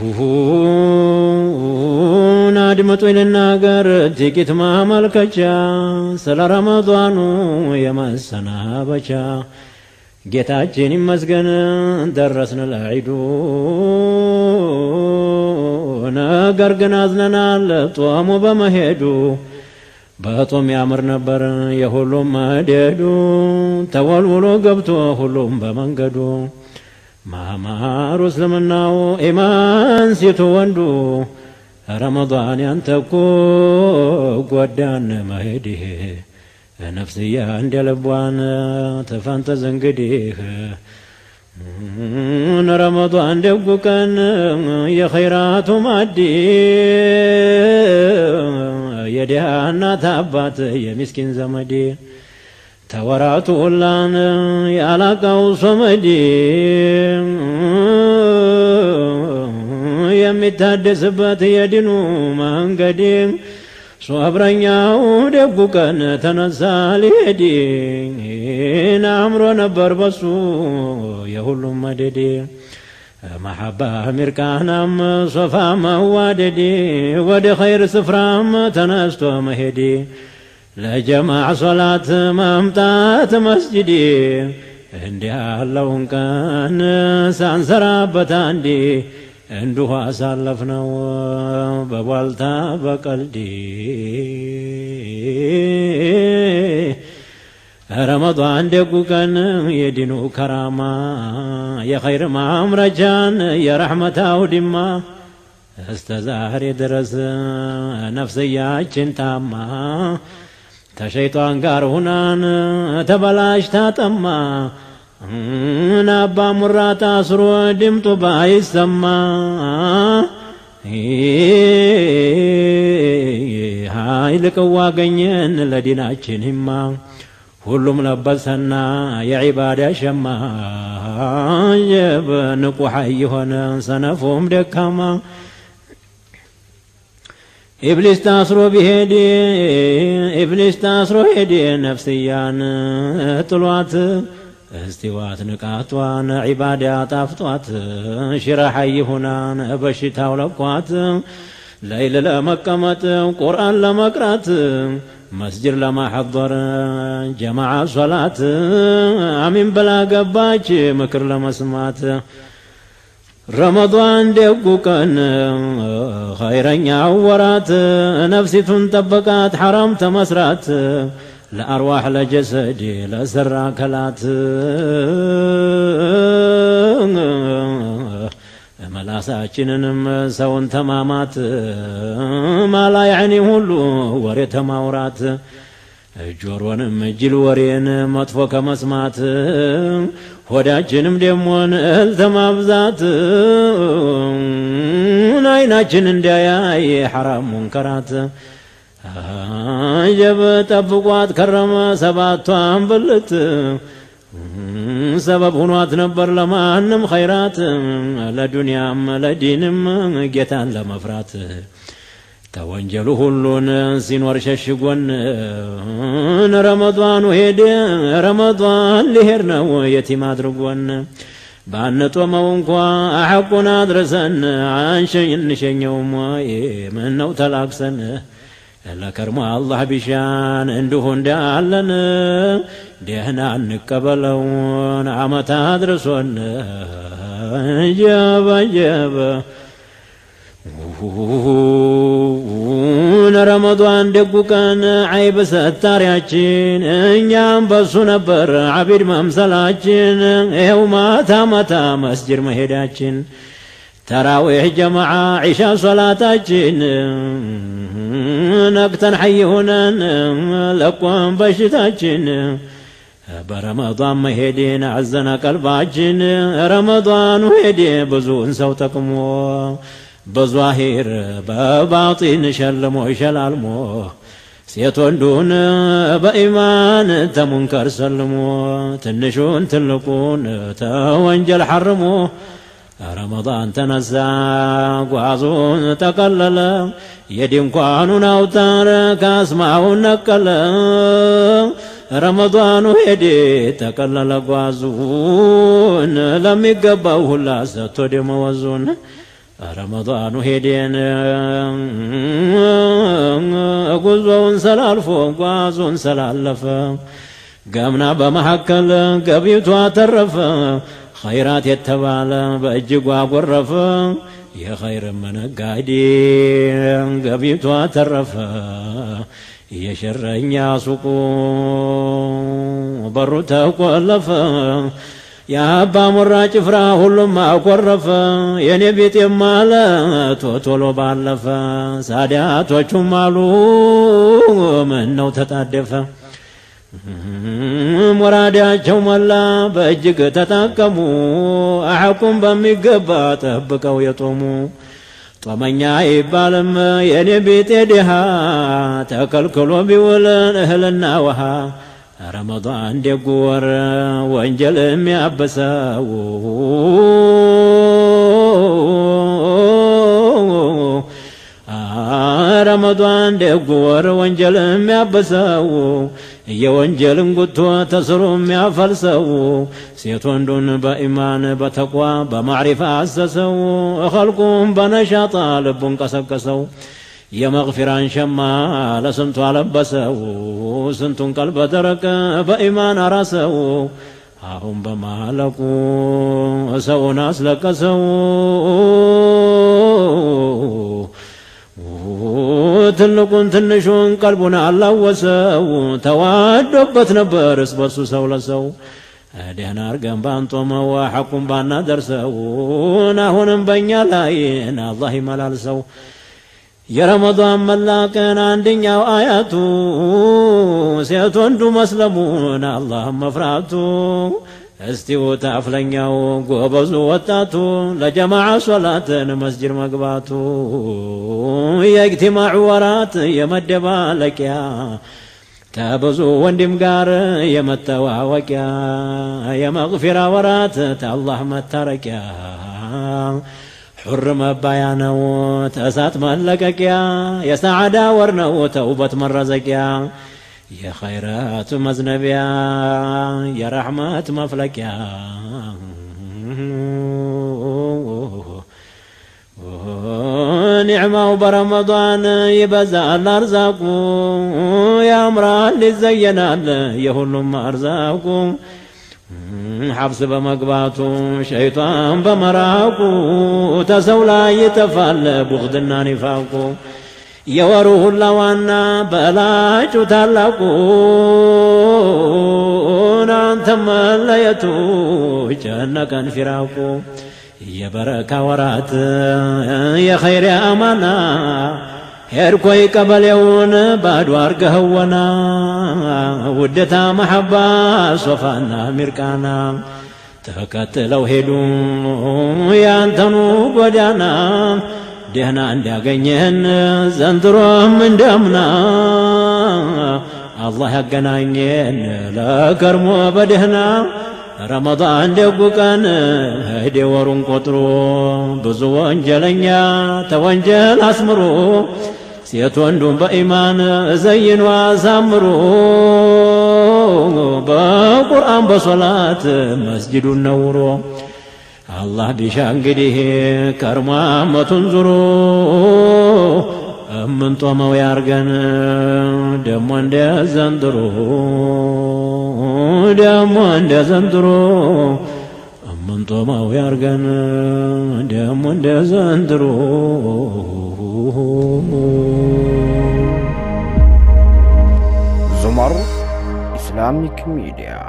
ሁሁን አድምጡ ይልናገር ጥቂት ማመልከቻ ስለ ረመዷኑ የመሰናበቻ ጌታችን ይመስገን ደረስን ለዒዱ። ነገር ግን አዝነናል ጦሙ በመሄዱ በጦም ያምር ነበር የሁሉም መደዱ ተወልውሎ ገብቶ ሁሉም በመንገዱ ማማሩ እስልምናው ኢማን ሴቱ ወንዱ ረመዳን ያንተኩ ጓዳን መሄድህ ነፍስያ እንደ ልቧን ተፋንተዝ እንግዲህ ረመዳን ደጉ ቀን የኸይራቱ ማዲ የድሃ እናት አባት የሚስኪን ዘመዴ ተወራቱ ሁላን ያላቃው ሶመዲ የሚታደስበት የድኑ መንገድ ሶብረኛው ደጉ ቀን ተነሳ ሊሄድ አምሮ ነበር በሱ የሁሉም መደድ መሐባ ሚርቃናም ሶፋ መዋደድ ወደ ኸይር ስፍራም ተነስቶ መሄድ ለጀማዕ ሶላት መምጣት መስጅዲ እንዲህ ያለውን ቀን ሳንሰራበት አንዲ እንዲሁ ነው በቧልታ በቀልዲ ረመዷን ደጉ ቀን የዲኑ ከራማ የኸይር ማምረጃን የረሕመታው ድማ እስተ ዛሬ ድረስ ነፍስያችን ታማ ተሸይጧን ጋር ሁናን ተበላሽ ታጠማ ናባ ሙራ ታስሮ ድምጡ ባይሰማ ኃይል ቅዋ ገኘን ለዲናችን ይማ ሁሉም ለበሰና የዒባዳ ሸማ የበንቁ የሆነ ሆነ ሰነፎም ደካማ ኢብሊስ ታስሮ ቢሄድ ኢብሊስ ታስሮ ሄድ ነፍስያን ጥሏት እስቲዋት ንቃቷን ዒባዳ ጣፍጧት ሽራሓይ ሁናን በሽታው ለኳት ለይል ለመቀመጥ ቁርአን ለመቅራት መስጅድ ለማሐበር ጀማዓ ሶላት አሚን ብላ ገባች ምክር ለመስማት رمضان دقو كان خيرن عورات نفسي تنطبقات حرام تمسرات لأرواح لجسدي كلات ملاسا چننم سون تمامات ما لا يعني هلو وريت مورات مورات ጆሮንም እጅል ወሬን መጥፎ ከመስማት ሆዳችንም ደሞን እህል ተማብዛት አይናችን እንዲያያይ ሐራም ሙንከራት ጀብ ጠብቋት ከረመ ሰባቷን ብልት ሰበብ ሁኗት ነበር ለማንም ኸይራት ለዱንያም ለዲንም ጌታን ለመፍራት ተወንጀሉ ሁሉን ሲኖር ሸሽጎን ረመዷኑ ሄደ ረመዷን ሊሄድ ነው የቲም አድርጎን ባነጦመው እንኳ አሐቁን አድረሰን አንሸኝ እንሸኘውም ወይ ምን ነው ተላክሰን ለከርሞ አላህ ቢሻን እንዲሁ እንዳለን ደህና እንቀበለውን አመት አድርሶን ጀባ ጀባ ረመዷን ደጉ ቀን አይብ ሰታሪያችን እኛም በሱ ነበር አቢድ መምሰላችን ይኸው ማታ ማታ መስጅድ መሄዳችን ተራዊሕ ጀማዓ ዒሻ ሶላታችን ነቅተን ሐይ ሆነን ለቆን በሽታችን በረመዷን መሄድን አዘነ ቀልባችን ረመዷኑ ሄድ ብዙውን ሰው ጠቅሞ በዟሂር በባጢን ሸልሞ ይሸላልሞ ሴት ወንዱን በኢማን ተሙንከር ሰልሞ ትንሹን ትልቁን ተወንጀል ሐርሞ ረመዳን ተነሳ ጓዙን ተቀለለ የድንኳኑን አውታር ካስማውን ነቀለ ረመዳኑ ሄዴ ጠቀለለ ጓዙን ለሚገባው ሁላ ሰጥቶ ደመወዙን ረመዳኑ ሄደን ጉዞውን ሰላልፎ ጓዞን ሰላለፈ ገምና በመካከል ገቢቱ ተረፈ ኸይራት የተባለ በእጅጉ አጎረፈ የኸይር መነጋዴ ገቢቱ ተረፈ የሸረኛ ሱቁ በሩ ተቆለፈ የአባ ሞራ ጭፍራ ሁሉም አኮረፈ የኔ ቤት የማለ ቶቶሎ ባለፈ ሳዲያቶቹም አሉ ምን ነው ተጣደፈ ሞራዳቸው ሞላ በእጅግ ተጣቀሙ አሐቁም በሚገባ ጠብቀው የጦሙ ጦመኛ ይባልም የኔ ቤጤ ድሃ ተከልክሎ ቢውልን እህልና ውሃ ረመዳን ደጉ ወር ወንጀል የሚያበሰው ረመዳን ደጉ ወር ወንጀል የሚያበሰው የወንጀልን ጉቶ ተስሮ የሚያፈልሰው ሴት ወንዱን በኢማን በተቋ በማዕሪፍ አሰሰው ኸልቁም በነሻጣ ልቡን ቀሰቀሰው የመግፊራን ሸማ ለስንቱ አለበሰው ስንቱን ቀልብ ደረቀ በኢማን አራሰው አሁን በማለቁ ሰውን አስለቀሰው ትልቁን ትንሹን ቀልቡን አላወሰው ተዋዶበት ነበር እስበሱ ሰው ለሰው ደህና አርገን ባንጦመው ሐቁን ባናደርሰው አሁንም በእኛ ላይ አላህ ይመላልሰው የረመዷን መላቀን አንደኛው አያቱ ሴት ወንዱ መስለሙን አላህ መፍራቱ እስቲው ታፍለኛው ጎበዙ ወጣቱ ለጀማዓ ሶላትን መስጅድ መግባቱ የእጅትማዑ ወራት የመደባለቂያ ተብዙ ወንድም ጋር የመተዋወቂያ የመግፊራ ወራት ታላህ መታረቂያ حر مبايا نو تأسات ملقك يا يا سعدا ورنو توبة مرزك يا يا خيرات مزنبيا يا رحمة مفلك نعمة برمضان يبزا الأرزاق يا أمرا اللي زينا يا هلم أرزاقكم ሐብስ በመግባቱ ሸይጣን በመራቁ ተሰው ላይ ይተፋል ቡኽድና ኒፋቁ የወሩ ሁላ ዋና በላጩ ታላቁ እናንተ መለየቱ ጨነቀን ፊራቁ የበረካ ወራት የኸይር አማና ሄድኮይ ቀበሌውን ባዶ አርገህወና ውደታ መሐባ ሶፋና ሚርቃና ተከትለው ሄዱ ያንተኑ ጎዳና ደህና እንዲያገኘህን ዘንድሮም እንደምና አላህ ያገናኘን ለከርሞ በደህና ረመዳን ደጉ ቀን ሄዴ ወሩን ቆጥሮ ብዙ ወንጀለኛ ተወንጀል አስምሮ ሴት ወንዱን በኢማን እዘይኖ አሳምሮ በቁርአን በሶላት መስጅዱን ነውሮ አላህ ቢሻ እንግዲህ ከርሞ አመቱን ዙሮ እምንጦመው ያርገን ደሞ እንደ ዘንድሮ ደሞ እንደ ዘንድሮ እምንጦማው ያርገን ደሞ እንደ ዘንድሮ ዙመር ኢስላሚክ ሚዲያ